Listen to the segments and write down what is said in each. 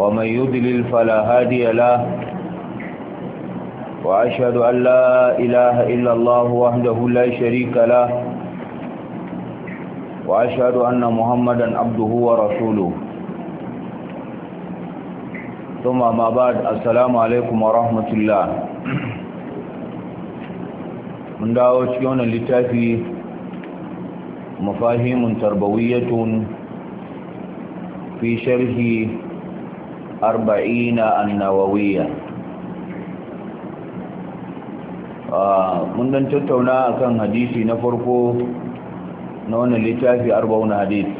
ومن يدلل فلا هادي له وأشهد أن لا إله إلا الله وحده لا شريك له وأشهد أن محمدا عبده ورسوله ثم ما بعد السلام عليكم ورحمة الله من دعوة يوم لتافي مفاهيم تربوية في شرح arba'ina annawawiyya mun dan tattauna akan hadisi na farko na wannan littafi arba'un hadis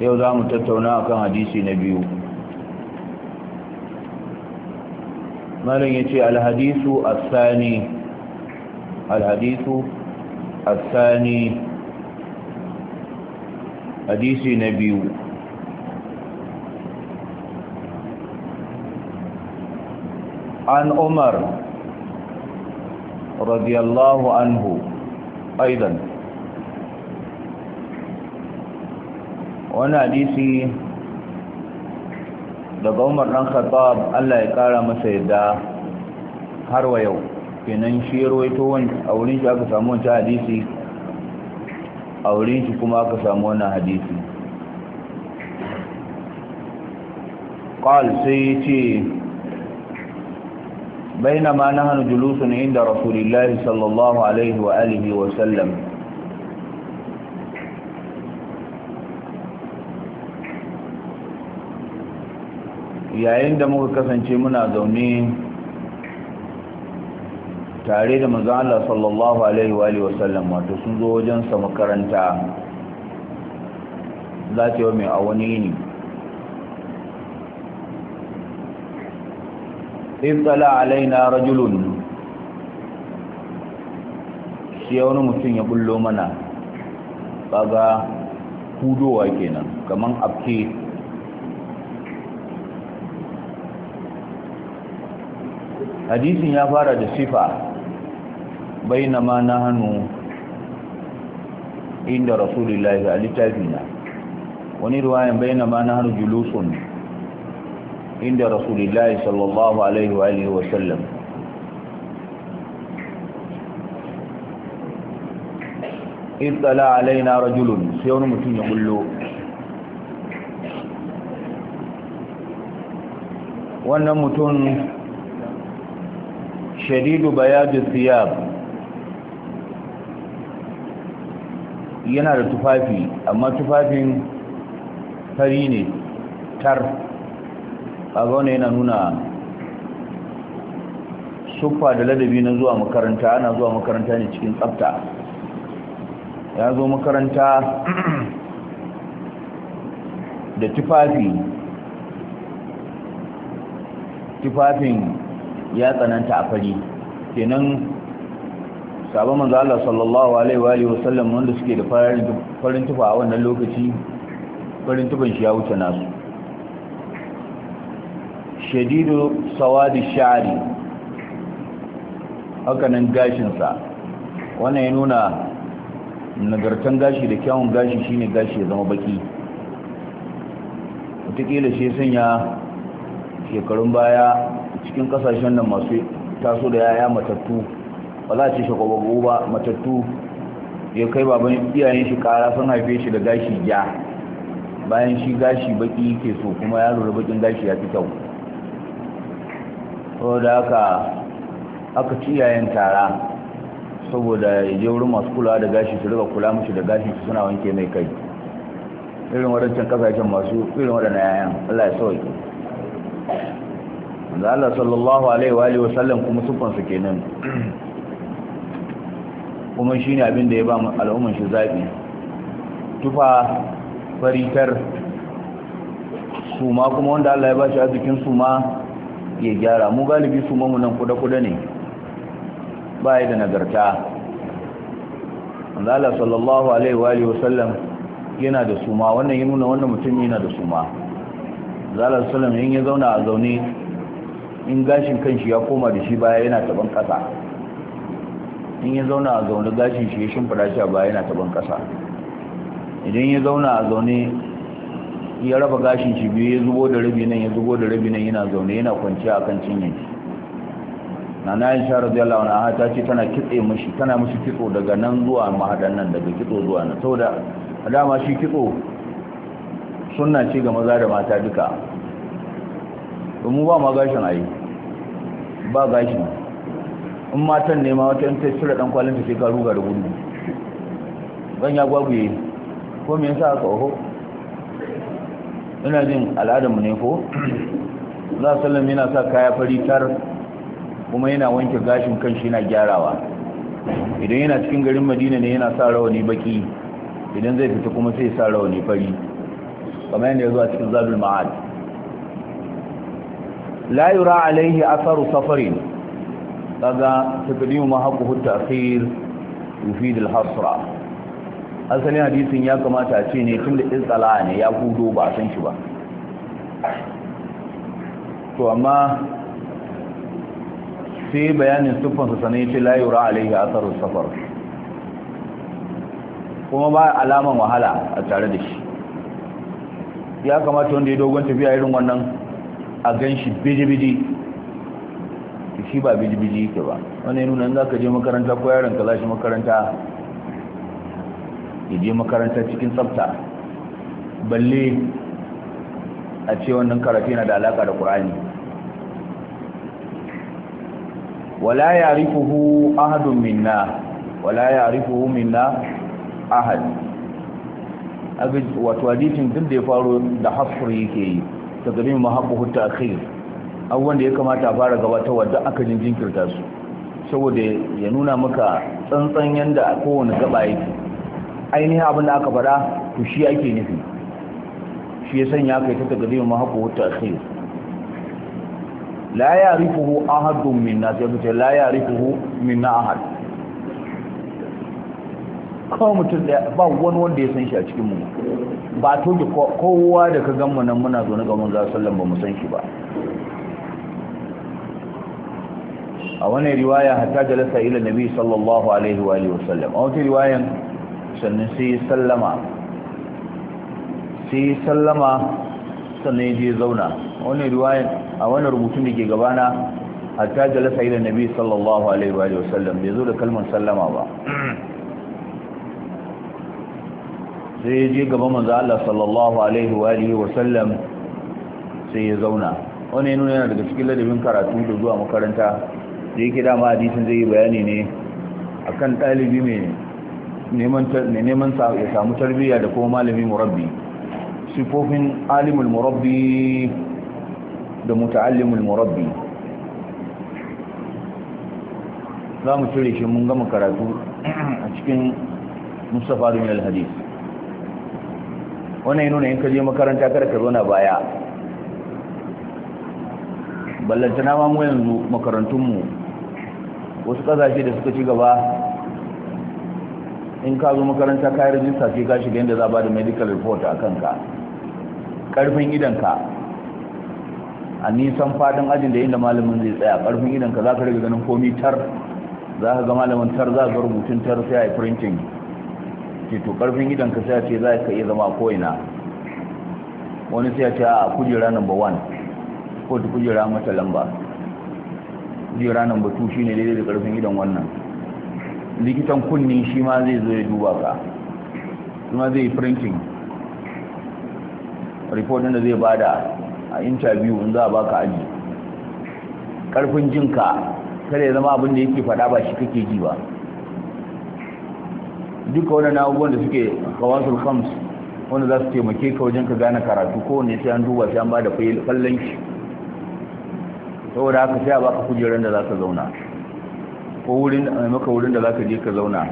yau za mu tattauna akan hadisi na biyu malam ya ce alhadisu asani alhadisu asani hadisi na biyu عن عمر رضي الله عنه أيضا وانا حديثي daga umar ɗan khattab Allah ya ƙara masa yadda har wa yau kenan shi ya rawaito a wurin shi aka samu wancan hadisi a wurin shi kuma aka samu wannan hadisi qal sai ce بينما نحن جلوس عند رسول الله صلى الله عليه وآله وسلم yayin da muka kasance muna zaune tare da manzo Allah sallallahu alaihi wa alihi wasallam wato sun zo wajen sa makaranta zata yau mai awani ne ittala alaina rajulun shi wani mutum ya bullo mana kaga hudowa kenan kaman afke hadisin ya fara da sifa bai na hannu inda rasulullahi a littafina wani ruwayan bai na hannu julusun عند رسول الله صلى الله عليه وآله وسلم اطلع علينا رجل سيون متين يقول له وانا متون شديد بياض الثياب yana da tufafi amma tufafin fari ne tar kaga yana nuna sufa da ladabi na zuwa makaranta ana zuwa makaranta ne cikin tsafta ya zo makaranta da tufafi tufafin ya tsananta a fari kenan sabon manzo Allah sallallahu alaihi wa alihi wasallam wanda suke da farin tufa a wannan lokaci farin tufan shi ya wuce nasu shadidu sawadi shari hakanan gashinsa wannan ya nuna nagartan gashi da kyawun gashi shine gashi ya zama baki watakila shi sanya shekarun baya cikin kasashen nan masu taso da yaya matattu ba za a ce shakwabago ba matattu ya kai baban iyayen shi kara sun haife shi da gashi ya bayan shi gashi baki ke so kuma ya lura bakin gashi ya fi kyau saboda haka aka ci tara saboda ya je wurin masu kulawa da gashi su rika kula mashi da gashi su suna wanke mai kai irin waɗancan kasashen masu irin waɗannan yayan Allah ya sauke da Allah sallallahu alaihi wa alihi kuma kuma su kenan kuma shine abin da ya ba mu al'umman shi zabi tufa faritar suma kuma wanda Allah ya ba shi su suma ya gyara mu galibi su mamu nan kuda-kuda ne ba da nagarta Allah sallallahu alaihi wa alihi wasallam yana da suma wannan yin nuna wannan mutum yana da suma Allah sallallahu alaihi ya zauna a zaune in gashin kanshi ya koma da shi baya yana taban kasa in ya zauna a zaune gashin shi ya shimfida shi a baya yana taban kasa idan ya zauna a zaune ya raba gashin shi biyu ya zubo da rabi nan ya zubo da rabi nan yana zaune yana kwanciya akan cinye shi na yin sha wani aha ta ce tana kitse mashi tana mashi kitso daga nan zuwa mahadan nan daga kitso zuwa nan da dama shi kitso suna ce ga maza da mata duka domin ba ma gashin ayi ba gashin in matan ne ma wata ta cire dan kwalin ta sai ka ruga da gudu zan ya gwagwaye ko me yasa a oho ina jin al'adarmu ne ko za sallam yana sa kaya fari tar kuma yana wanke gashin kanshi yana gyarawa idan yana cikin garin madina ne yana sa rawani baki idan zai fita kuma sai sa rawani fari kamar yadda ya zo a cikin zabul ma'ad la alaihi asaru safarin kaga takdimu ma haqqu at-ta'khir yufid al-hasra asalin hadisin ya kamata ce ne tun da tsala ne ya hudo ba a san shi ba to amma sai bayanin siffansa sanai ce layura alaihi asarar safar kuma ba alaman wahala a tare da shi ya kamata wanda ya dogon tafiya irin wannan a gan shi biji-biji shi ba biji yake ba wani nuna za ka je makaranta ko yaron ka za shi makaranta ya je makarantar cikin tsafta balle a ce wannan karafi yana da alaka da ƙur'ani wala ya'rifuhu ahadun minna wala ya'rifuhu minna ahad wato hadisin duk da ya faru da hafsir yake yi ta gabi mahabbu ta'khir abubuwan da ya kamata a fara ta wadda aka jinkirta su saboda ya nuna maka tsantsan yanda kowane gaba yake ainihin abin da aka fada to shi ake nufi shi ya sanya kai ta tagadi ma haƙo wata akhir la ya ya'rifuhu ahadun minna sai ku ce la ya'rifuhu minna ahad kawai mutum da ba wani wanda ya san shi a cikin mu ba to kowa da ka gan nan muna zo na gama za sallan ba mu san shi ba a wani riwaya hatta jalasa ila nabi sallallahu alaihi wa sallam. a wata riwayan sannan sai ya sallama sai ya sallama sannan ya zauna a wani rubutun da ke gabana hatta jalasa ila nabi sallallahu alaihi wa sallam bai zo da kalmar sallama ba sai ya je gaban manzo Allah sallallahu alaihi wa sallam sai ya zauna wani nuna daga cikin ladabin karatu da zuwa makaranta da yake dama hadisin zai yi bayani ne a kan ɗalibi mai neman ya samu tarbiyya da kuma malami murabbi sifofin alimul murabbi da muta'allimul murabbi za mu cire shi mun gama karatu a cikin mustapha da minal hadis wannan yi nuna yin kaje makaranta kada ka zauna baya ballantana ma mu yanzu makarantunmu wasu kazashe da suka ci gaba in ka zo makaranta ka yi rajista ce ka shiga inda za ba da medical report a kanka karfin idanka a nisan fadin ajin da inda malamin zai tsaya karfin idanka za ka riga ganin komi tar za ka ga malamin tar za ka rubutun tar sai a yi printing ce to karfin idanka sai ce za ka iya zama ko'ina wani sai ce a kujera number one ko ta kujera mata lamba kujera number two shine daidai da karfin idan wannan likitan kunni shi ma zai zo ya duba ka kuma zai printing report da zai bada a interview in za a baka aji karfin jinka kada ya zama abin da yake faɗa ba shi kake ji ba duka wani abubuwan da suke kawasul khams wanda za su taimake ka wajen ka gane karatu kowane sai an duba sai an ba da fallon shi saboda haka sai a baka kujerar da za ka zauna ko wurin a maimaka wurin da za ka je ka zauna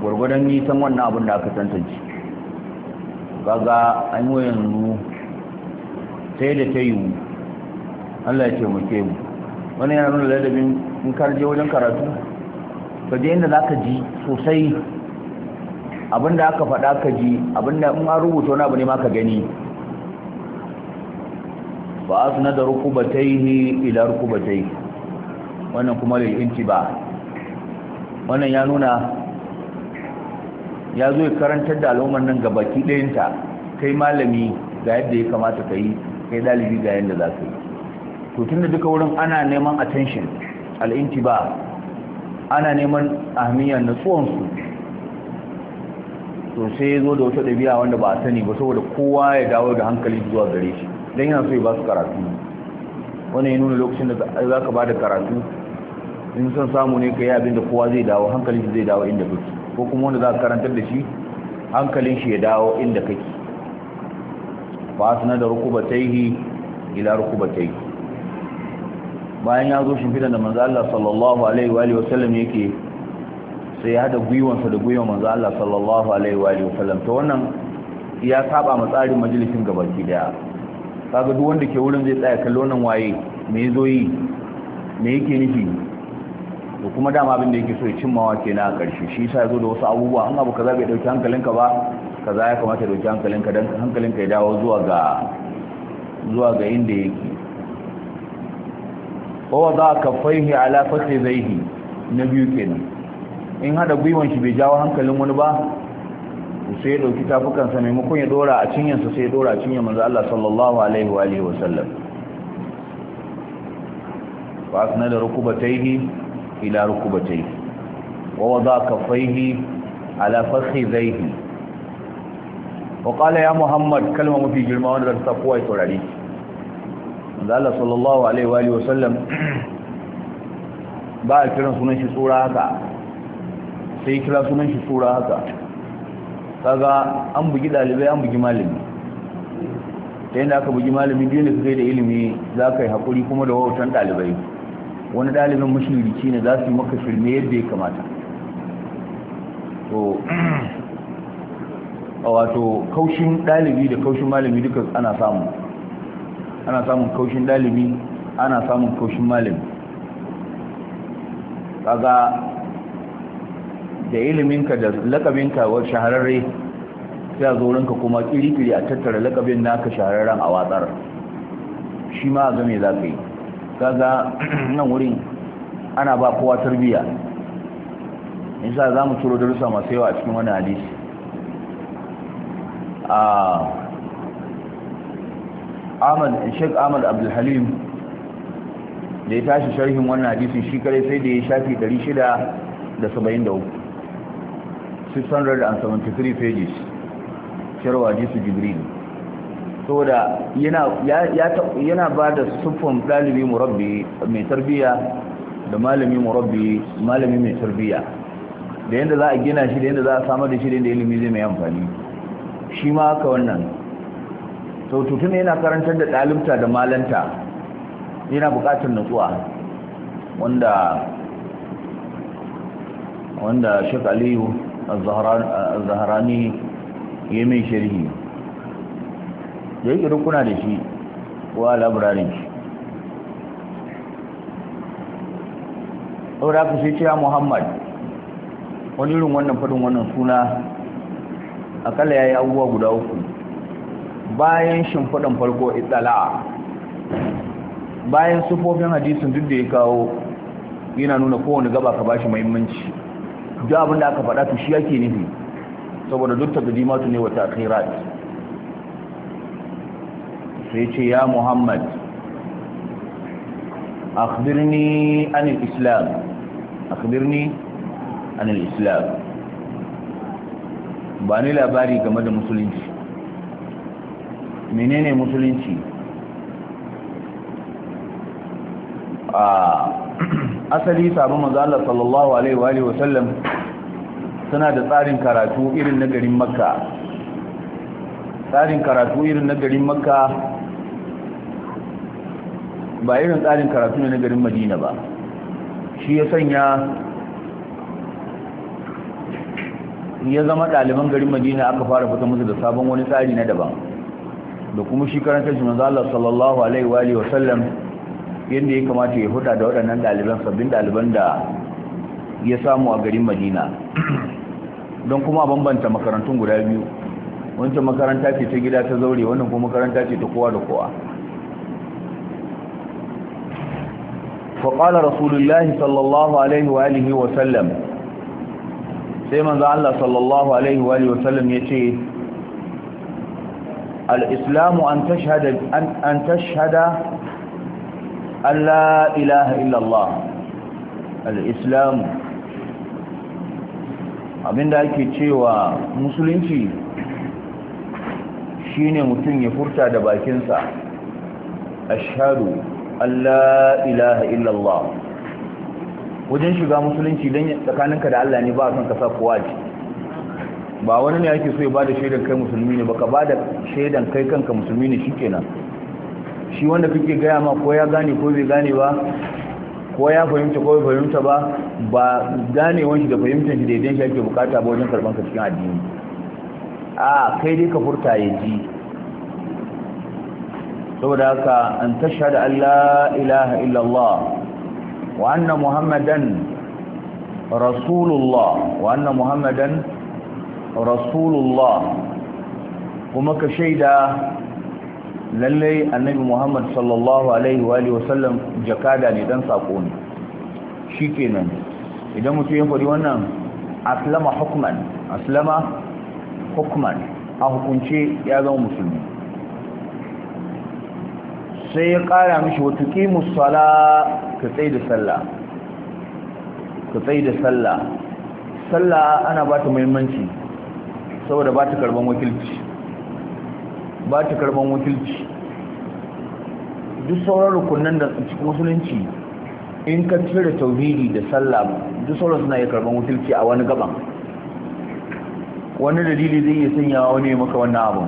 gwargwadon nisan wannan abin da aka tantance kaga an yi yanzu sai da ta yiwu allah ya taimake mu wani yana nuna ladabin in karje wajen karatu ka je inda za ka ji sosai abin da aka faɗa ka ji abin da in an rubuta wani abu ne ma ka gani ba a suna da rukubatai ila rukubatai wannan kuma lil'inci ba wannan ya nuna ya zo karantar da al'ummar nan gabaki ɗayinta kai malami ga yadda ya kamata ka yi kai dalibi ga yadda za ka yi to tun da duka wurin ana neman attention al'inci ba ana neman ahmiyar natsuwansu to sai ya zo da wata ɗabi'a wanda ba a sani ba saboda kowa ya dawo da hankali zuwa gare shi don yana so ya ba su karatu wani ya nuna lokacin da za ka ba da karatu in son samu ne ka yi abin da kowa zai dawo hankalin shi zai dawo inda kake ko kuma wanda za ka karantar da shi hankalin shi ya dawo inda kake su na da rukubataihi ila rukubataihi bayan ya zo shimfida da manzo Allah sallallahu alaihi wa sallam, yake sai ya hada gwiwansa da gwiwan manzo Allah sallallahu alaihi wa sallam, ta to wannan ya saba ma tsarin majalisin gabaki daya kaga duk wanda ke wurin zai tsaya kallo nan waye me yazo yi me yake nufi to kuma dama abin da yake so ya cimmawa kenan a ƙarshe shi yasa zo da wasu abubuwa an abu kaza bai dauki hankalinka ba kaza ya kamata ya dauki hankalinka dan hankalinka ya dawo zuwa ga zuwa ga inda yake wa wada faihi ala yi na biyu kenan in hada gwiwan shi bai jawo hankalin wani ba sai ya dauki tafukansa maimakon ya dora a cinyansa sai ya dora a cinyan manzo Allah sallallahu alaihi wa alihi wa sallam wa asnada rukubataihi ila rukubatayhi wa wada kaffayhi ala fakhidhayhi wa qala ya muhammad kalma mafi girma wanda zan sa kowa ya saurare manzo Allah sallallahu alaihi wa alihi wasallam ba a kiran sunan shi tsura haka sai kira sunan shi tsura haka kaga an bugi dalibai an bugi malami ta yadda aka bugi malami biyu ka kai da ilimi za ka yi haƙuri kuma da wautan ɗalibai. wani ɗalibin mashiriki ne za su yi maka shirme yadda ya kamata to a wato kaushin ɗalibi da kaushin malami duka ana samu ana samun kaushin ɗalibi ana samun kaushin malami kaga da iliminka da lakabinka wa shahararre sai a ranka kuma kiri-kiri a tattara lakabin naka shahararren a watsar shi ma a game za ka yi kaga nan wurin ana ba kowa tarbiya nisa za mu ciro darussa masu yawa a cikin wani hadisi a ahmad sheik ahmad abdulhalim da ya tashi sharhin wannan hadisi shi kare sai da ya shafi 673 673 pages shirwa hadisi jibril saboda yana ba da sufin ɗalibi murabbi mai tarbiya da malami murabbi malami mai tarbiya da yadda za a gina shi da yadda za a samar da shi da yadda ilimi zai mai amfani shi ma haka wannan sau yana karantar da ɗalibta da malanta yana buƙatar nutsuwa wanda wanda shek a zaharani ya mai shirhi da yake kuna da shi ko a labirarin shi saboda ku sai cewa muhammad wani irin wannan fadin wannan suna akalla ya yi abubuwa guda uku bayan shimfiɗin farko itsala'a bayan sufofin hadisin duk da ya kawo yana nuna kowane gaba ka bashi muhimmanci duk abin da aka faɗa to shi yake nufi saboda duk takdimatu ne wa ta'khirat sai ce ya muhammad akhbirni anil islam akhbirni anil islam ba ni labari game da musulunci menene musulunci a asali sabon mazala sallallahu alaihi wa sallam suna da tsarin karatu irin na garin makka tsarin karatu irin na garin makka ba irin tsarin karatu ne na garin madina ba shi ya sanya ya zama ɗaliban garin madina aka fara fita musu da sabon wani tsari na daban da kuma shi karantar shi manzo Allah sallallahu alaihi wa alihi yadda ya kamata ya huta da waɗannan ɗaliban sabbin ɗaliban da ya samu a garin madina don kuma a bambanta makarantun guda biyu wancan makaranta ce ta gida ta zaure wannan kuma makaranta ce ta kowa da kowa فقال رسول الله صلى الله عليه وآله وسلم سيما ذا الله صلى الله عليه وآله وسلم يتي الإسلام أن تشهد أن, أن تشهد أن لا إله إلا الله الإسلام abinda ake cewa musulunci shine mutum ya furta da bakinsa ashhadu Allah ilaha illallah wajen shiga musulunci don tsakaninka da Allah ne ba son ka kowa ce. ba wani ne ake so ya ba da shaidan kai musulmi ne ba da shaidan kai kanka musulmi ne kenan shi wanda kake gaya ma ko ya gane ko bai gane ba ko ya fahimta ko bai fahimta ba ba ganewan shi da fahimtar shi daidai shi ake bukata ba wajen karban ka cikin addini a kai dai ka furta ya ji saboda haka an tashhadu an la ilaha illallah wa anna muhammadan rasulullah wa anna muhammadan rasulullah kuma ka shaida lalle annabi muhammad sallallahu alaihi wa alihi wasallam jakada ne dan sako ne shikenan idan mutum ya faɗi wannan aslama hukman aslama hukman a hukunce ya zama musulmi sai ya ƙara mishi wata ƙimus sala ka tsaye da sallah ka tsaye da sallah sallah ana ba ta muhimmanci saboda ba ta karban wakilci ba ta karban wakilci duk sauran rukunan da cikin musulunci in ka cire tauhidi da sallah duk sauran suna iya karban wakilci a wani gaban wani dalili zai iya sanyawa wani maka wannan abu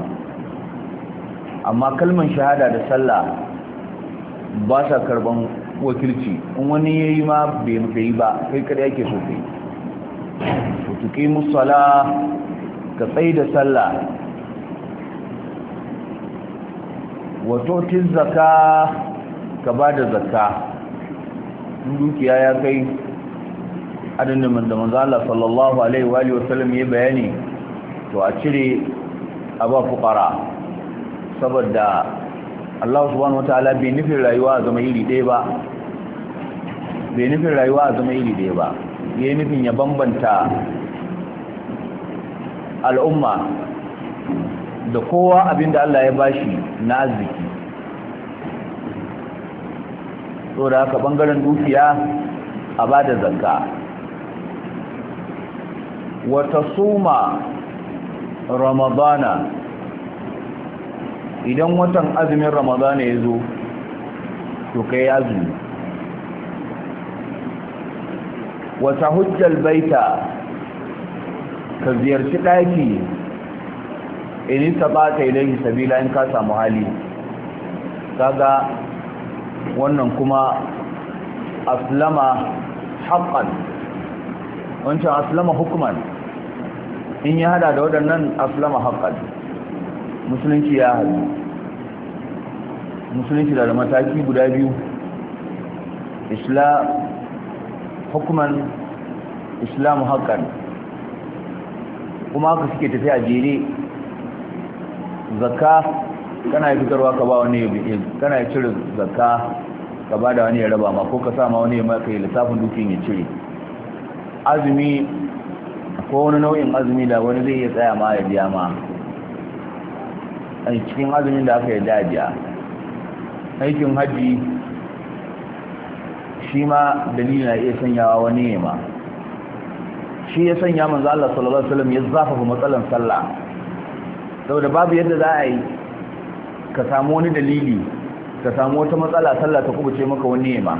amma kalmar shahada da sallah ba sa karban wakilci in wani ya yi ma bai maka yi ba kai kada yake so kai tuki musala ka tsaye da sallah watotin zaka ka ba da zaka dukiya ya kai adadin da manzala sallallahu alaihi wa sallam ya bayani to a cire a ba fukara saboda Allah subhanahu wataala bai nufin rayuwa a zama iri ɗaya ba bai nufin rayuwa a zama iri ɗaya ba ya yi nufin ya bambanta al'umma da kowa abinda Allah ya bashi na ziki. so da haka bangaren dukiya a ba da zanka? wata suma ramadana idan watan azumin ramadana ya zo to kai azumi wata hujjal baita ka ziyarci ɗaki in ta ba ka ilahi sabila in ka samu hali kaga wannan kuma aslama haƙan wancan aslama hukuman in ya hada da waɗannan aslama haƙan musulunci ya haɗu musulunci da mataki guda biyu islam hukuman islam haƙan kuma haka suke tafiya jere Zaka kana yi fitarwa ka ba wani yabi kana yi cire zakka ka ba da wani ya raba ma ko ka sa ma wani ya maka yi lissafin dukin ya cire azumi ko wani nau'in azumi da wani zai iya tsaya ma ya biya ma a cikin azumin da aka yi dajiya ah. aikin hajji shi ma dalili na iya sanyawa wani ne ma shi ya sanya manzo Allah sallallahu alaihi wasallam ya zafafa matsalan sallah saboda babu yadda za a yi ka samu wani dalili ka samu wata matsala sallah ta kubuce maka wani ne ma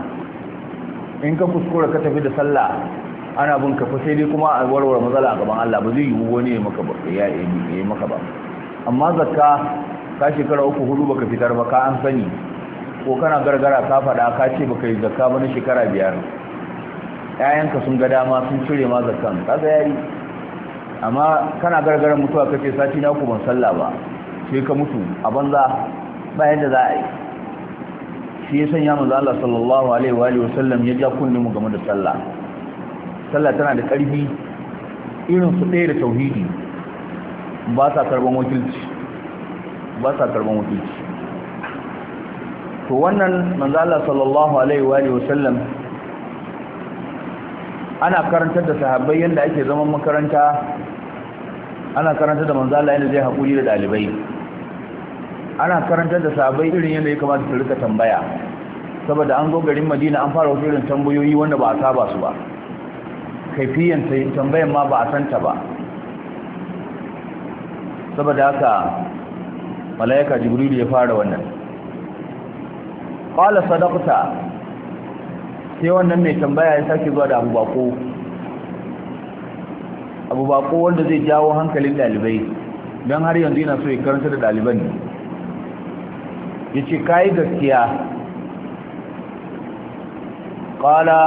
in ka kuskura ka tafi da sallah ana bin ka fa sai dai kuma a warware matsala a gaban Allah ba zai yi wani maka ba ya yi maka ba amma zakka ka shekara uku hudu baka fitar ba ka an sani ko kana gargara ka faɗa ka ce baka yi zakka ba na shekara biyar ƴaƴanka sun ga dama sun cire ma zakkan ga yari amma kana gargara mutuwa kace sati na ku ban sallah ba sai ka mutu a banza ba yadda za a yi shi ya sanya manzo Allah sallallahu alaihi wa alihi wasallam ya ja kunne mu game da sallah sallah tana da ƙarfi irin su ɗaya da tauhidi ba sa karban wakilci ba sa karban wakilci to wannan manzo Allah sallallahu alaihi wa sallam ana karantar da sahabbai yanda ake zaman makaranta ana karantar da manzo Allah yanda zai hakuri da dalibai ana karantar da sahabbai irin yanda ya kamata su rika tambaya saboda an zo garin Madina an fara wasu irin tambayoyi wanda ba a saba su ba kaifiyan tambayan ma ba a santa ba saboda haka malaika jibrilu ya fara wannan qala sadaqta sai wannan mai tambaya ya sake zuwa da abubako abubako wanda zai jawo hankalin dalibai don har yanzu yana so ya karanta da daliban ne ya ce kayi gaskiya qala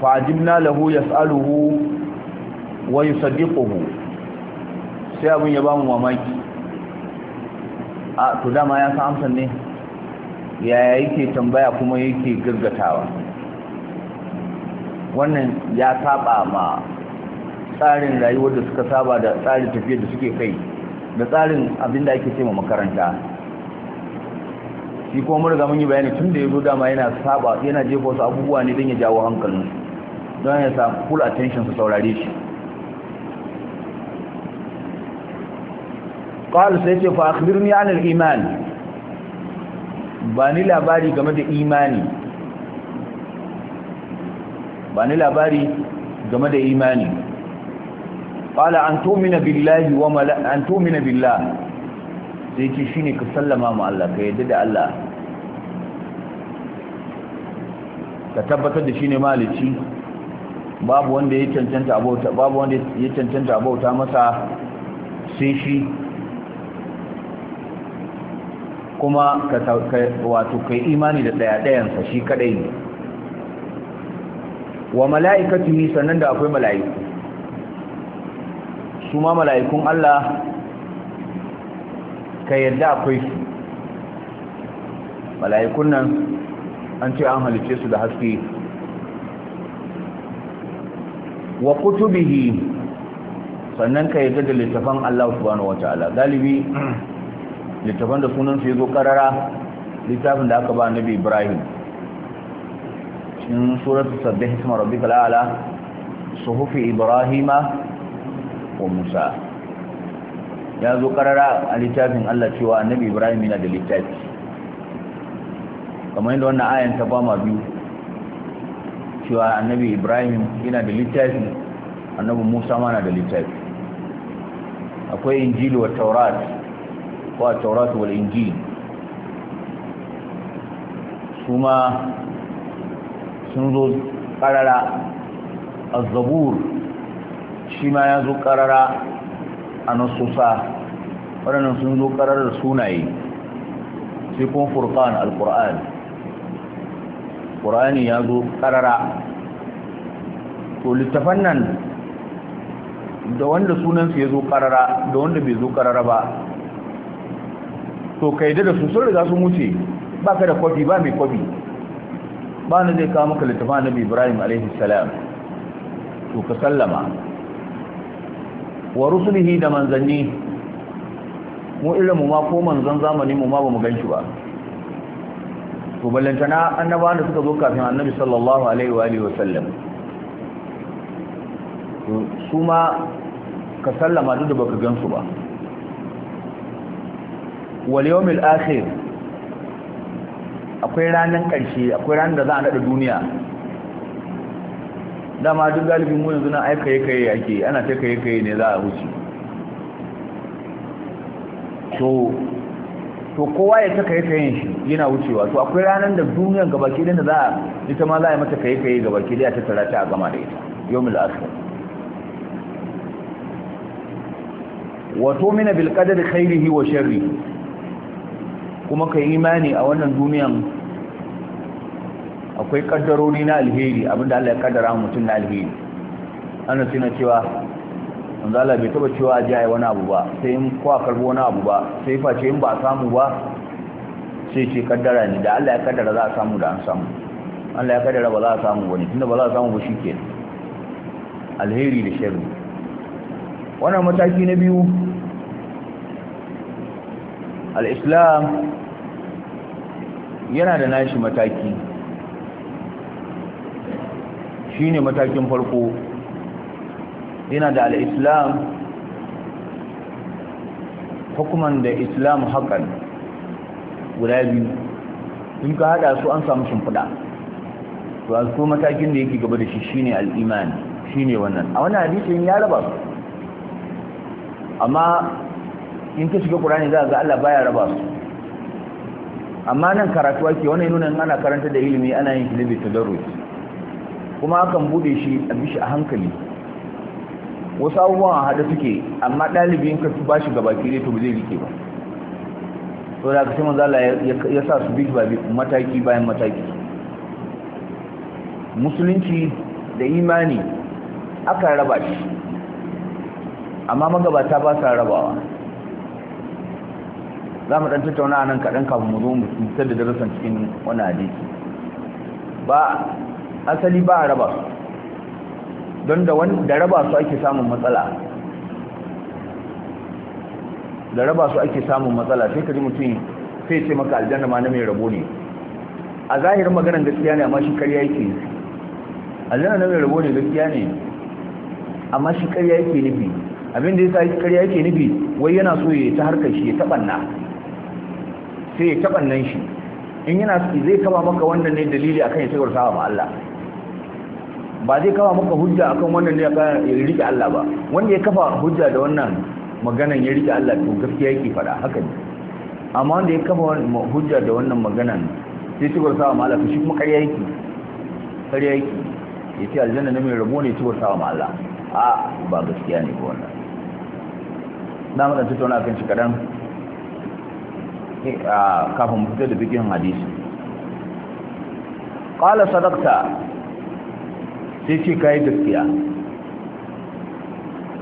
fa'ajibna lahu yas'aluhu wa yusaddiquhu sai abin ya ba mu mamaki a to dama ya san amsan ne yaya yake tambaya kuma yake gaggatawa wannan ya saba ma tsarin rayuwar da suka saba da tsarin tafiyar da suke kai da tsarin abin da ake ce makaranta shi kuma murga riga mun yi bayani tun da ya zo dama yana saba yana jefa wasu abubuwa ne don ya jawo hankalin don ya sa full attention su saurare shi qala sai ce fa akhbirni anil iman ba ni labari game da imani ba ni game da imani an tu'mina billahi wa sai ce shine ka sallama ma Allah ka yadda da Allah ka tabbatar da shine malici babu wanda ya cancanta abauta babu wanda ya cancanta abauta masa sai shi kuma ka wato kai imani da ɗaya-ɗayansa shi kaɗai ne wa mala'ikatu sannan da akwai mala'iku su ma mala'ikun Allah ka yadda akwai su mala'ikun nan an ce an halice su da haske wa kutubihi sannan ka yadda da littafan Allah subhanahu wa ta'ala galibi littafan da sunansu ya zo ƙarara littafin da aka ba nabi ibrahim cikin suratul sabbih isma rabbika su suhufi ibrahima wa musa ya zo ƙarara a littafin Allah cewa annabi ibrahim yana da littafi kamar yadda wannan ayan ta bama biyu cewa annabi ibrahim yana da littafi annabi musa ma na da littafi akwai injili wa taurari. ko a taurata wal injil kuma sun zo karara a zabur shi ma ya zo karara a nasusa waɗannan sun zo karara sunaye sai kuma furkan al-ƙur'an ƙur'ani ya zo karara to littafan nan da wanda sunansu ya zo karara da wanda bai zo karara ba to ka yi da su sun riga sun wuce ba ka da kwafi ba mai kwafi ba na zai kawo maka littafa na ibrahim alaihissalam to ka sallama wa rusulihi da manzanni mu irin mu ma ko manzan zamani mu ma ba mu gan ba to ballantana annaba da suka zo kafin annabi sallallahu alaihi wa alihi wa sallam su ma ka sallama duk da baka gansu ba wal yawmil akhir akwai ranan karshe akwai ranan da za a nada duniya dama duk galibin mu yanzu na aika yake yake ana ta kai kai ne za a huce to to kowa ya ta kai kai shi yana wucewa to akwai ranan da duniyan gabaki da za a ita ma za a yi mata kai kai gabaki da ta tara ta a gama da ita yawmil akhir wato mina bil qadri khairihi wa sharrihi kuma ka imani a wannan duniyan akwai kaddarori na alheri abinda Allah ya kaddara mutum na alheri ana suna cewa manzo Allah bai taba cewa ji ai wani abu ba sai in kwa karbo wani abu ba sai face in ba a samu ba sai ce kaddara ne da Allah ya kaddara za a samu da an samu Allah ya kaddara ba za a samu wani tunda ba za a samu ba shikenan alheri da sharri wannan mataki na biyu al'islam yana da nashi mataki shi ne matakin farko yana da al'islam hukuman da islam haƙan guda biyu in ka haɗa su an samu shimfiɗa to a ko matakin da yake gaba da shi shi ne, al'imani ne wannan a wani hadisin ya raba su amma in ka shiga Qur'ani za ga Allah baya raba su amma nan karatu ake wannan nuna in ana karanta da ilimi ana yin kilibi tadarruj kuma akan bude shi a bishi a hankali wasu abubuwan a hada suke amma ɗalibi in ka ba shi gaba ki to ba zai rike ba to da ka sai ya sa su bi ba mataki bayan mataki musulunci da imani aka raba shi amma magabata ba sa rabawa za mu ɗan tattauna nan kaɗan kafin mu zo mu fitar da darasan cikin wani hadisi ba asali ba a raba su don da da raba su ake samun matsala da raba su ake samun matsala sai ka ji mutum sai ce maka aljanna ma na mai rabo ne a zahirin maganar gaskiya ne amma shi karya yake aljanna na mai rabo ne gaskiya ne amma shi karya yake nufi abin da sa karya yake nufi wai yana so ya ta harkar shi ya taɓanna sai ya taɓa nan shi in yana zai kama maka wannan ne dalili akan ya tsaye sa'a ma Allah ba zai kama maka hujja akan wannan ne a ya riƙe Allah ba wanda ya kafa hujja da wannan maganan ya riƙe Allah to gaskiya yake fada haka ne amma wanda ya kafa hujja da wannan maganan sai tsaye sa'a ma Allah to shi kuma ƙarya yake ƙarya yake ya ce aljanna na mai rabo ne tsaye sa'a ma Allah a ba gaskiya ne ba wannan na mutan tattauna kan shi kadan Ah, kafin fitar da fikin hadisi ƙwala sadakta sai ce ka yi gaskiya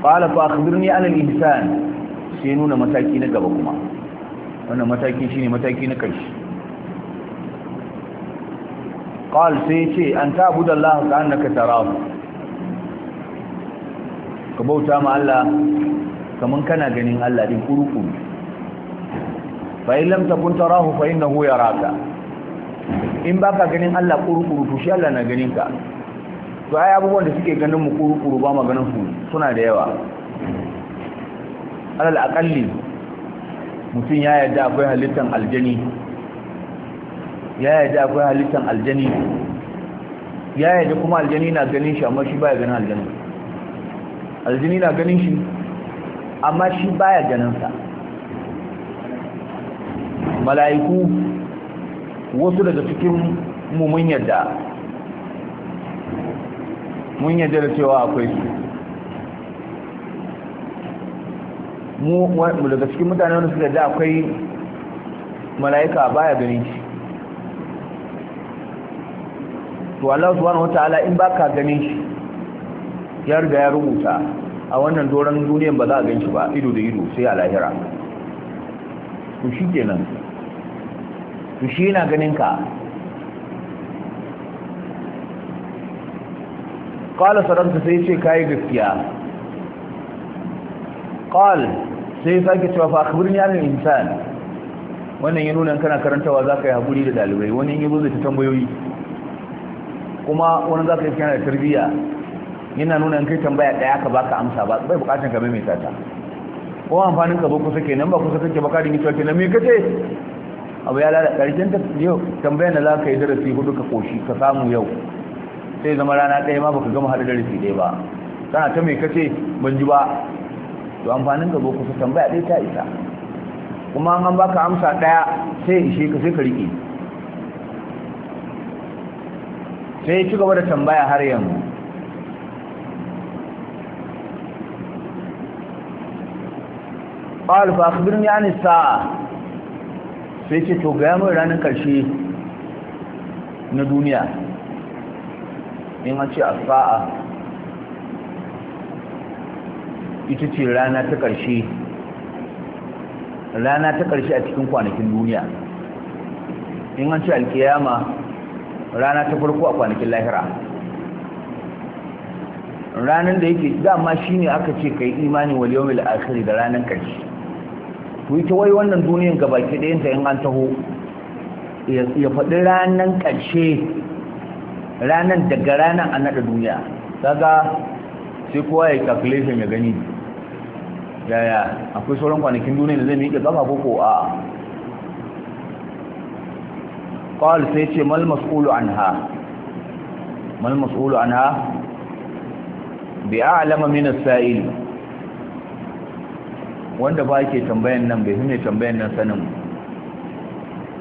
ƙwala fa birni alal ihsan sai nuna mataki na gaba kuma wannan mataki ne mataki na ƙarshe ƙwal sai ce an ta abu da Allah ka annaka tarahu ka bauta ma Allah kamar kana ganin Allah din kuru-kuru fa in lam takun tarahu fa innahu yaraka in baka ganin Allah kurukuru to shi Allah na ganin ka to ai abubuwan da suke ganin mu kurukuru ba ma su suna da yawa alal aqalli mutum ya yadda akwai halittan aljani ya yadda akwai halittan aljani ya yadda kuma aljani na ganin shi amma shi baya ganin aljani aljani na ganin shi amma shi baya ganin sa mala'iku wasu daga cikin mu mun yadda mun yadda da cewa akwai su mu daga cikin mutane wanda suka da akwai mala'ika baya ganin shi to Allah subhanahu wataala in baka ganin shi ya riga ya rubuta a wannan doron duniyan ba za a gan shi ba ido da ido sai a lahira to shikenan to shi yana ganin ka qala sadaqta sai ce kai gaskiya qal sai sake cewa fa akhbirni an insan wannan ya nuna kana karantawa zaka yi hakuri da dalibai wani yazo zai tambayoyi kuma wani zaka yi kana tarbiyya yana nuna in kai tambaya ɗaya ka baka amsa ba bai bukatun ka mai tata ko amfanin ka kusa sake nan ba kusa kake baka dinki ke kenan me kace abu ya lalata ƙarshen ta yau tambayar da za ka yi darasi hudu ka koshi ka samu yau sai zama rana ɗaya ma baka gama haɗu darasi ɗaya ba tana ta mai kace ban ji ba to amfanin ka zo kusa tambaya ɗaya ta isa kuma an baka amsa ɗaya sai ishe ka sai ka riƙe sai ya ci gaba da tambaya har yanzu قال فاخبرني عن الساعه sai ce to gaya mai ranar karshe na duniya in an ce asfa'a ita ce rana ta karshe rana ta karshe a cikin kwanakin duniya in an ce alkiyama rana ta farko a kwanakin lahira ranar da yake dama shine aka ce ka yi imani wal yawmil akhir da ranar karshe. to ita wai wannan duniyan gabaki ɗayanta in an taho ya faɗi ranar ƙarshe ranar daga ranar an naɗa duniya daga sai kowa ya calculation ya gani yaya akwai sauran kwanakin duniya da zai miƙe gaba ko ko a ƙwal sai ce mal mas'ulu anha mal mas'ulu anha bi a'lama minas sa'ili wanda ba ke tambayan nan bai hune tambayan nan sanin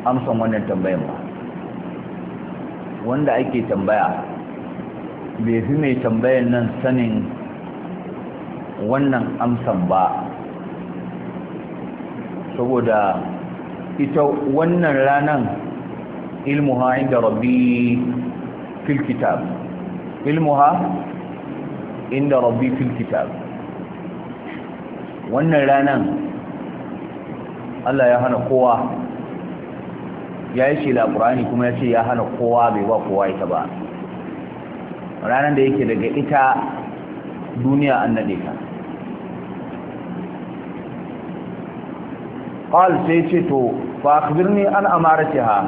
amsan wannan tambayan ba wanda ake tambaya bai fi mai tambayan nan sanin wannan amsan ba saboda ita wannan ranan ilmuha inda rabbi fil kitab ilmuha inda rabbi fil kitab wannan ranan Allah ya hana kowa ya yi shi laƙurani kuma ya ce ya hana kowa bai ba kowa ita ba ranar da yake daga ita duniya an naɗe ta ƙwal sai ce to ba birni an amara ce ha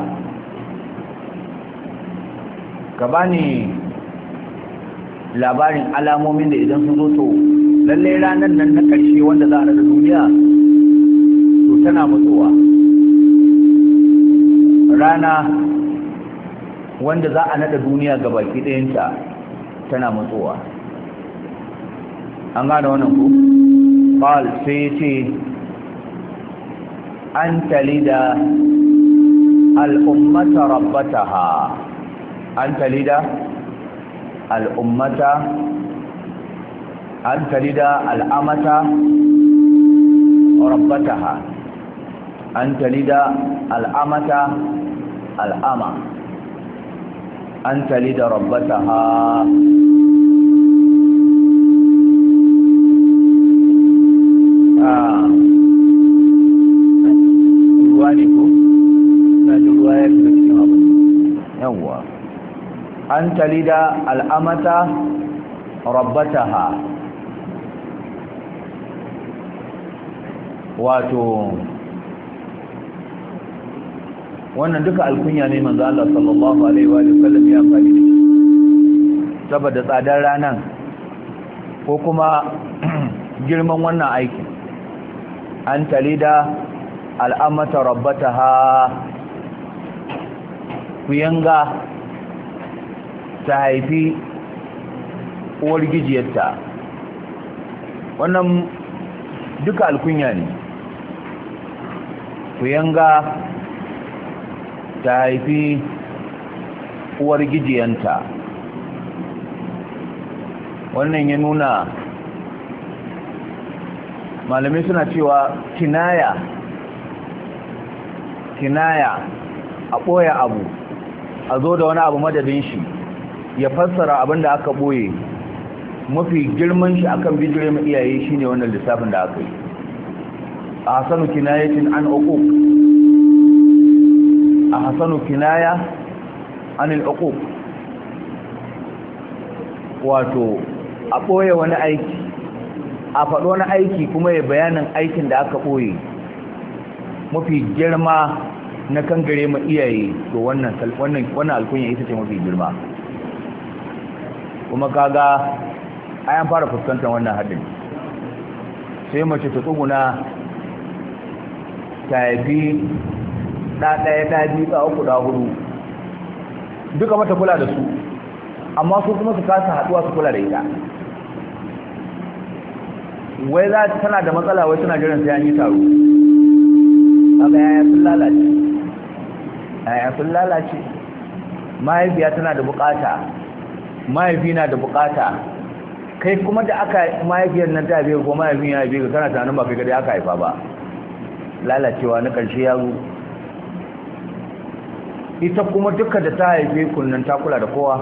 ka ne labarin alamomin da idan sun zo to lallai ranar nan na ƙarshe wanda za a rada duniya to tana matsowa rana wanda za a nada duniya ga baki ɗayanta tana matsowa an gane wannan ku ƙwal sai ce an tali da al'ummata rabbata ha an tali da al'ummata أن تلد الأمة ربتها أن تلد الأمة الأمة أن تلد ربتها آه. أن تلد الأمة ربتها wato wannan duka alkunya ne manzo Allah sallallahu alaihi wa sallam ya faɗi saboda tsadar ranan ko kuma girman wannan aikin an talida al'amata rabbataha kuyanga ta haifi uwar gijiyarta wannan duka alkunya ne kuyanga ta haifi uwar gijiyanta wannan ya nuna malamai suna cewa kinaya kinaya a ɓoye abu a zo da wani abu madadin shi ya fassara abin da aka ɓoye mafi girman shi akan bijirin iyaye shine wannan lissafin da aka yi ahsanu kinayatin an uquq ahsanu kinaya an al-uquq wato a boye wani aiki a faɗo wani aiki kuma ya bayanin aikin da aka boye mafi girma na kangare ma iyaye to wannan wannan wannan alƙunya ita ce mafi girma kuma kaga ayan fara fuskantar wannan haddin sai mace ta tsuguna ta haifi ɗa ɗaya biyu ɗa uku da hudu duka mata kula da su amma su kuma su kasa haɗuwa su kula da ita wai za tana da matsala wai tana jiran sai an yi taro kaga yaya sun lalace yaya sun lalace mahaifiya tana da bukata mahaifi na da bukata kai kuma da aka mahaifiyar nan ta biyu ko mahaifin ya biyu kana tunanin ba kai kada aka haifa ba lalacewa na ƙarshe ya zo ita kuma duka da ta haife kunnan ta kula da kowa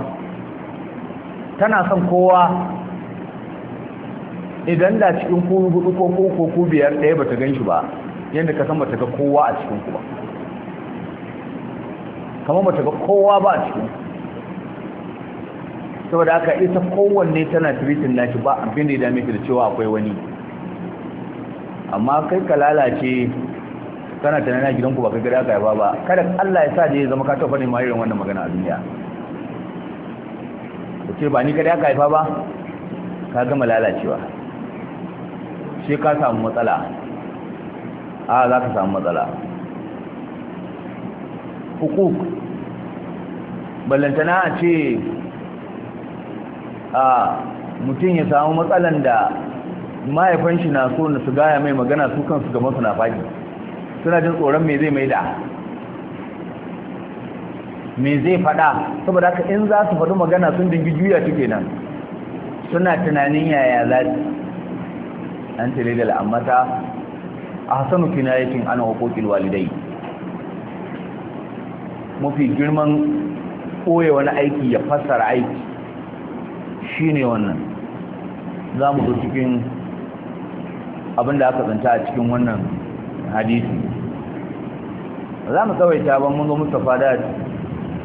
tana son kowa idan da cikin kuru hudu ko koko ko biyar ɗaya ta gan shi ba yadda ka san ba ta ga kowa a cikin ku ba kamar ga kowa ba a cikin saboda haka ita kowanne tana tiritin nashi ba abin da ya dame da cewa akwai wani amma kai ka lalace kana tunanin a gidanku ba kai gari aka yaba ba kada Allah ya sa je ya zama ka tofa ne ma irin wannan magana a duniya ku ce ba ni gari aka haifa ba ka gama lalacewa shi ka samu matsala a za ka samu matsala hukuk ballantana a ce a mutum ya samu matsalan da mahaifan shi na so na su gaya mai magana su kansu gaban su na fagi suna jin tsoron me zai maida me zai faɗa saboda haka in za su faɗi magana sun dingi juya su nan suna tunanin yaya za su an tare da a hasanu kinayatin ana hukukin walidai mafi girman koya wani aiki ya fassara aiki shi ne wannan za mu zo cikin abinda aka zanta a cikin wannan hadisi za mu ta ban mun ga mustafa da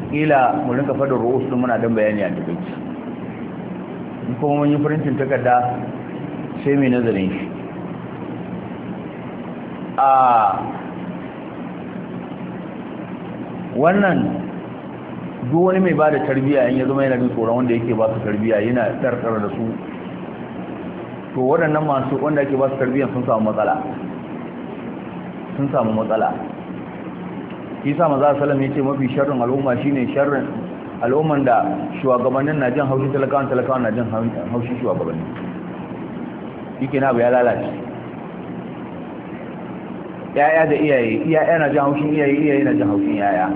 kila mu rinka fadin ru'usu muna dan bayani a shi kuma mun yi printin takarda sai mai nazarin shi a wannan duk wani mai ba da tarbiyya in ya zama yana da tsoron wanda yake ba su tarbiyya yana tsarkar da su to waɗannan masu wanda ake ba su tarbiyyan sun samu matsala sun samu matsala sa maza salam ya ce mafi sharrin al'umma shine sharrin al'umman da shugabannin na jin haushin talakawan talakawan na jin haushin shugabannin yake na abu ya lalace yaya da iyaye iyaye na jin haushin iyaye iyaye na jin haushin yaya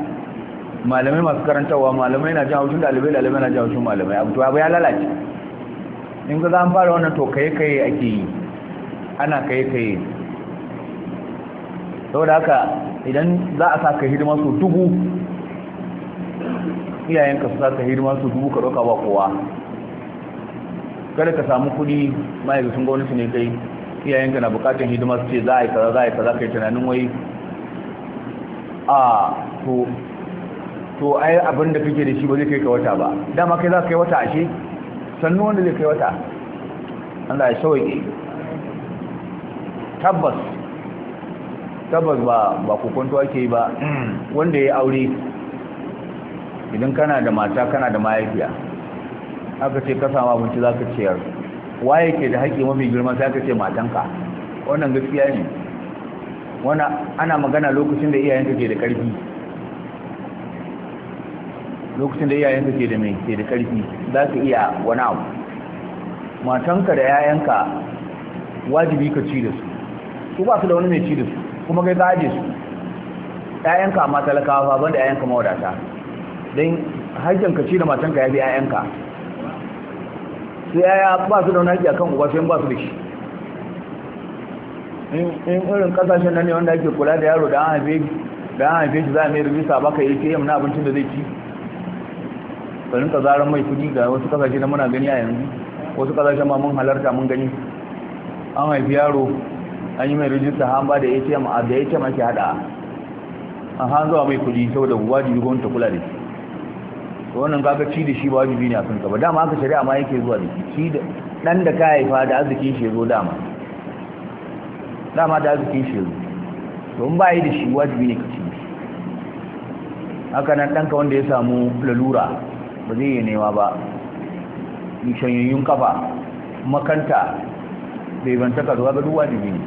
malamai masu karantarwa malamai na jin haushin dalibai dalibai na jin haushin malamai abu to abu ya lalace in ga za an fara wannan to kai kai ake yi ana kai kai saboda haka idan za a sa ka hidima su dubu iyayenka su sa ka hidima su dubu ka ɗauka ba kowa kada ka samu kuɗi ma'aikacin gwamnati ne kai iyayenka na bukatar hidima su ce za a yi kaza za a yi kaza ka yi tunanin wai a to to ai abin da kake da shi ba zai kai ka wata ba dama kai za ka kai wata ashe sannu wanda zai kai wata Allah ya sauke tabbas tabbas ba ba kokonto ake yi ba mm. wanda ya aure idan kana da mata kana da mahaifiya aka ce kasa ma abinci za ka ciyar waye ke da haƙi mafi girma sai aka ce matanka wannan gaskiya ne wannan ana magana lokacin da iyayenka ke da ƙarfi lokacin da iyayenka ke da mai ke da ƙarfi za ka iya wani abu matanka da 'ya'yanka wajibi ka ci da su su ba su da wani mai ci da su kuma kai ka haje su ƴaƴanka amma talakawa ba banda ƴaƴanka mawadata don hajjan ka ci da matanka ya fi ƴaƴanka sai yaya ba su da wani haƙƙi akan uba sai ba su da shi in irin kasashen nan ne wanda ake kula da yaro da an haife da an haife shi za a mai rubisa baka yi ke na abincin da zai ci karin ka zaran mai kudi ga wasu kasashe na muna gani a yanzu wasu kasashen ma mun halarta mun gani an haifi yaro an yi mai rijista an ba da atm a da atm ake hada a han zuwa mai kudi saboda wajibi gwamnati kula da shi wannan kaga ci da shi ba wajibi ne a kanka ba dama aka shari'a ma yake zuwa da shi ci da dan da ka haifa da arzikin shi zo dama dama da arzikin shi zo to in ba yi da shi wajibi ne ka ci haka nan ɗanka wanda ya samu lalura ba zai yi nema ba shanyayyun kafa makanta bai bantaka zuwa ga duk wajibi ne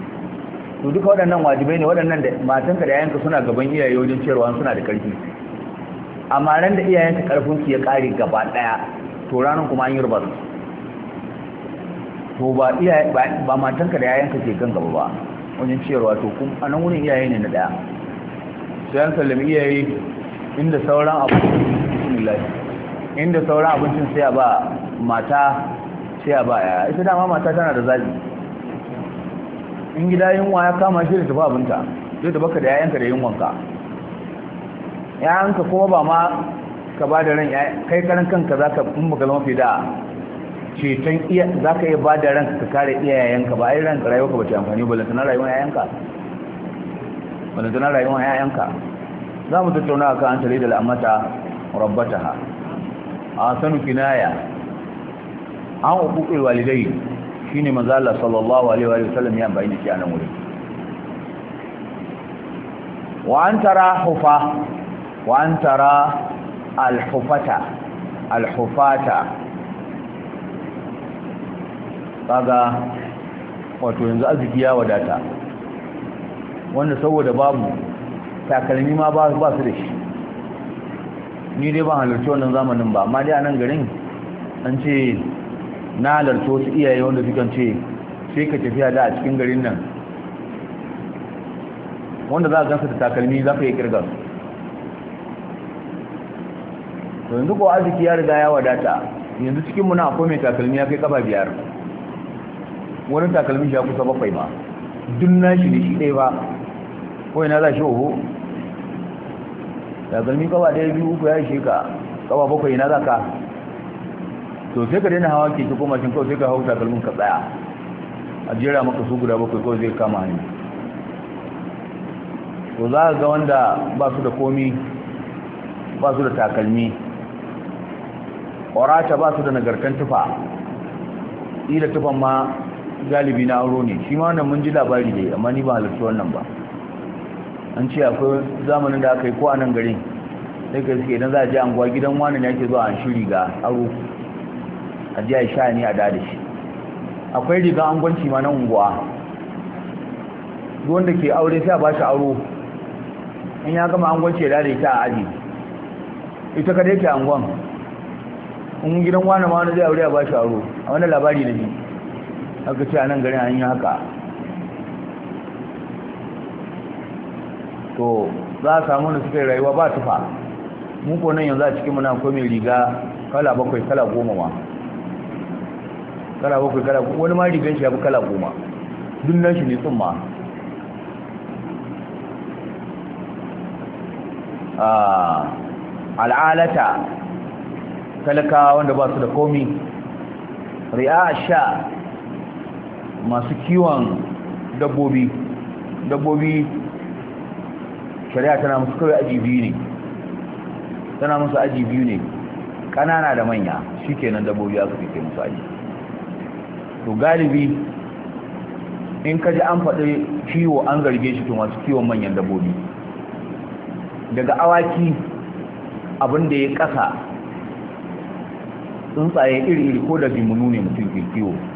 to duka waɗannan wajibai ne waɗannan da matanka da yayanka suna gaban iyaye wajen ciyarwa suna da ƙarfi amma ran da iyayenka ƙarfin su ya ƙare gaba ɗaya to ranar kuma an yi rubar to ba iyaye ba matanka da yayanka ke kan gaba ba wajen ciyarwa to kun a nan wurin iyaye ne na ɗaya sai an sallami iyaye inda sauran abincin bismillah inda sauran abincin sai a ba mata sai a ba ita dama mata tana da zabi in gida yunwa ya kama shi da tafi abinta zai baka da yayanka da yunwanka yayanka kuma ba ma ka ba da ran kai karan kanka za ka kuma zama fi da ceton iya za ka iya ba da ran ka kare iya yayanka ba a yi ran ka ba ta amfani ba lantana rayuwa yayanka ba lantana yayanka za mu tattauna a kan tare da al'amata rabbataha a sanu kinaya an uku walidai shine manzo Allah sallallahu alaihi wa sallam ya bayyana shi a nan wurin wa an tara hufa wa an alhufata. al kaga wato yanzu arziki ya wadata wanda saboda babu takalmi ma ba ba su da shi ni dai ban halarci wannan zamanin ba amma dai anan garin an ce na halarci wasu iyaye wanda sukan ce sai ka tafiya da a cikin garin nan wanda za a gansa da takalmi za ka yi kirgar to yanzu ko arziki ya riga ya wadata yanzu cikin muna akwai mai takalmi ya kai kafa biyar wani takalmi shi ya kusa bakwai ma duk shi ne shi ɗaya ba Ko ina za shi oho takalmi kafa ɗaya biyu uku ya shi ka kafa bakwai ina za ka to sai ka daina hawa keke ko mashin kawai sai ka hau takalmin ka tsaya a jera maka su guda bakwai kawai zai kama hanya to za ga wanda ba su da komi ba su da takalmi ƙwarata ba su da nagartan tufa ila tufan ma galibi na auro ne shi ma wannan mun ji labari ne amma ni ba halittu wannan ba an ce akwai zamanin da aka yi ko a nan garin sai ka suke idan za a je gwa gidan wani ne ake zuwa an shiri ga aro a je sha ne a da shi akwai riga angwanci ma na unguwa wanda ke aure sai a ba shi aro in ya gama angwanci ya da ta a aji ita kada yake angon in gidan wani ma wani zai aure a ba shi aro a wani labari da ji aka ce a nan garin an yi haka to za a samu wani suka yi rayuwa ba tufa mu ko nan yanzu a cikin muna komai riga kala bakwai kala goma ma kala bakwai kala wani ma rigan shi ya fi kala goma duk nan shi ne ma ah, al'alata talakawa wanda ba su da komi ri'a sha masu kiwon dabbobi dabbobi shari'a tana musu kawai aji biyu ne tana musu aji biyu ne ƙanana da manya shi kenan dabbobi aka fi ke musu aji to galibi in ka ji an faɗi kiwo an zarge shi to masu kiwon manyan dabbobi daga awaki abin da ya ƙasa tsuntsaye iri-iri ko da jimunu ne mutum ke kiwo